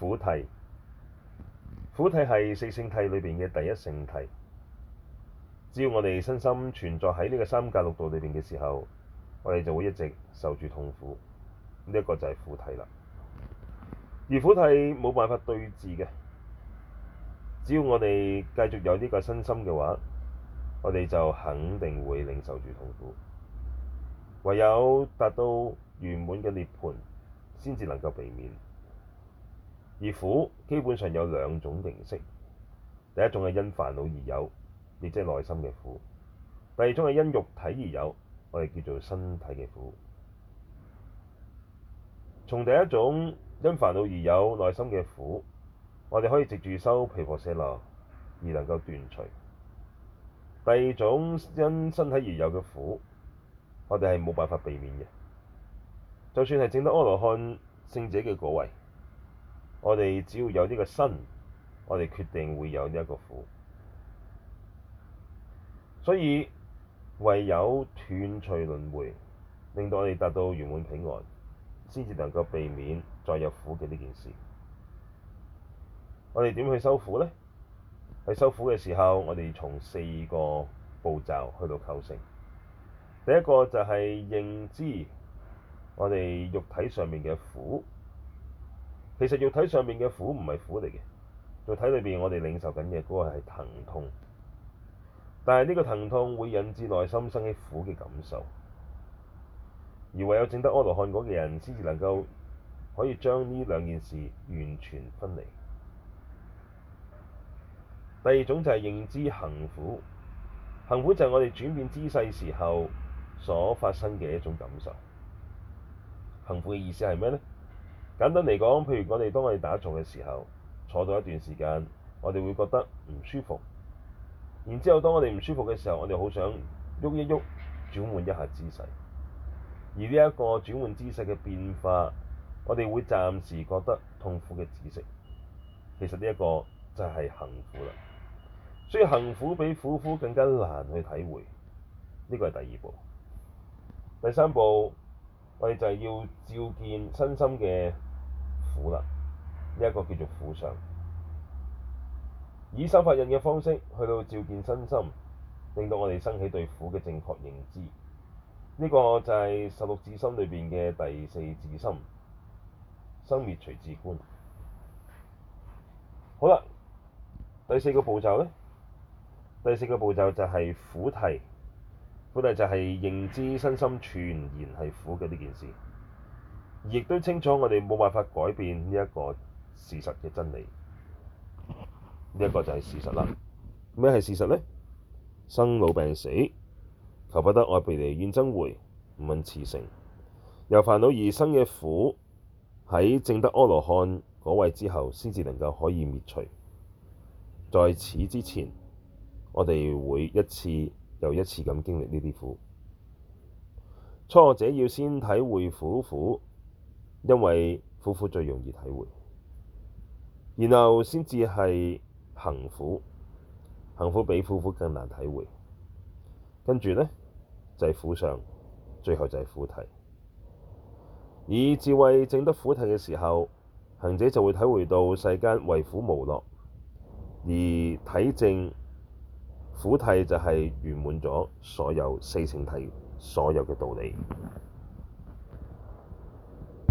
苦諦，苦諦係四聖諦裏邊嘅第一聖諦。只要我哋身心存在喺呢個三界六道裏邊嘅時候，我哋就會一直受住痛苦。呢、這、一個就係苦諦啦。而苦諦冇辦法對治嘅，只要我哋繼續有呢個身心嘅話，我哋就肯定會領受住痛苦。唯有達到圓滿嘅涅槃，先至能夠避免。而苦基本上有兩種形式，第一種係因煩惱而有，亦即係內心嘅苦；第二種係因肉體而有，我哋叫做身體嘅苦。從第一種因煩惱而有內心嘅苦，我哋可以藉住修毗婆舍羅而能夠斷除；第二種因身體而有嘅苦，我哋係冇辦法避免嘅。就算係證得阿羅漢聖者嘅果位。我哋只要有呢個身，我哋決定會有呢一個苦。所以，唯有斷除輪迴，令到我哋達到圓滿平安，先至能夠避免再有苦嘅呢件事。我哋點去修苦呢？喺修苦嘅時候，我哋從四個步驟去到構成。第一個就係認知我哋肉體上面嘅苦。其實肉體上面嘅苦唔係苦嚟嘅，肉體裏邊我哋領受緊嘅嗰個係疼痛，但係呢個疼痛會引致內心生起苦嘅感受，而唯有證得阿羅漢果嘅人先至能夠可以將呢兩件事完全分離。第二種就係認知行苦。行苦就係我哋轉變姿勢時候所發生嘅一種感受。行苦嘅意思係咩呢？簡單嚟講，譬如我哋當我哋打坐嘅時候，坐到一段時間，我哋會覺得唔舒服。然之後，當我哋唔舒服嘅時候，我哋好想喐一喐，轉換一下姿勢。而呢一個轉換姿勢嘅變化，我哋會暫時覺得痛苦嘅止息。其實呢一個就係行苦啦。所以行苦比苦苦更加難去體會。呢個係第二步。第三步。我哋就係要照見身心嘅苦啦，呢、這、一個叫做苦相，以修法印嘅方式去到照見身心，令到我哋生起對苦嘅正確認知。呢、這個就係十六字心裏邊嘅第四字心，生滅隨自觀。好啦，第四個步驟咧，第四個步驟就係苦諦。本來就係認知身心全然係苦嘅呢件事，亦都清楚我哋冇辦法改變呢一個事實嘅真理。呢一個就係事實啦。咩係事實呢？生老病死，求不得，愛別離，怨憎會，五陰熾盛，由煩惱而生嘅苦，喺證得阿羅漢嗰位之後，先至能夠可以滅除。在此之前，我哋會一次又一次咁經歷呢啲苦，初學者要先體會苦苦，因為苦苦最容易體會，然後先至係行苦，行苦比苦苦更難體會。跟住呢，就係、是、苦上，最後就係苦諦。以智慧證得苦諦嘅時候，行者就會體會到世間為苦無樂，而體證。苦諦就係圓滿咗所有四聖諦，所有嘅道理。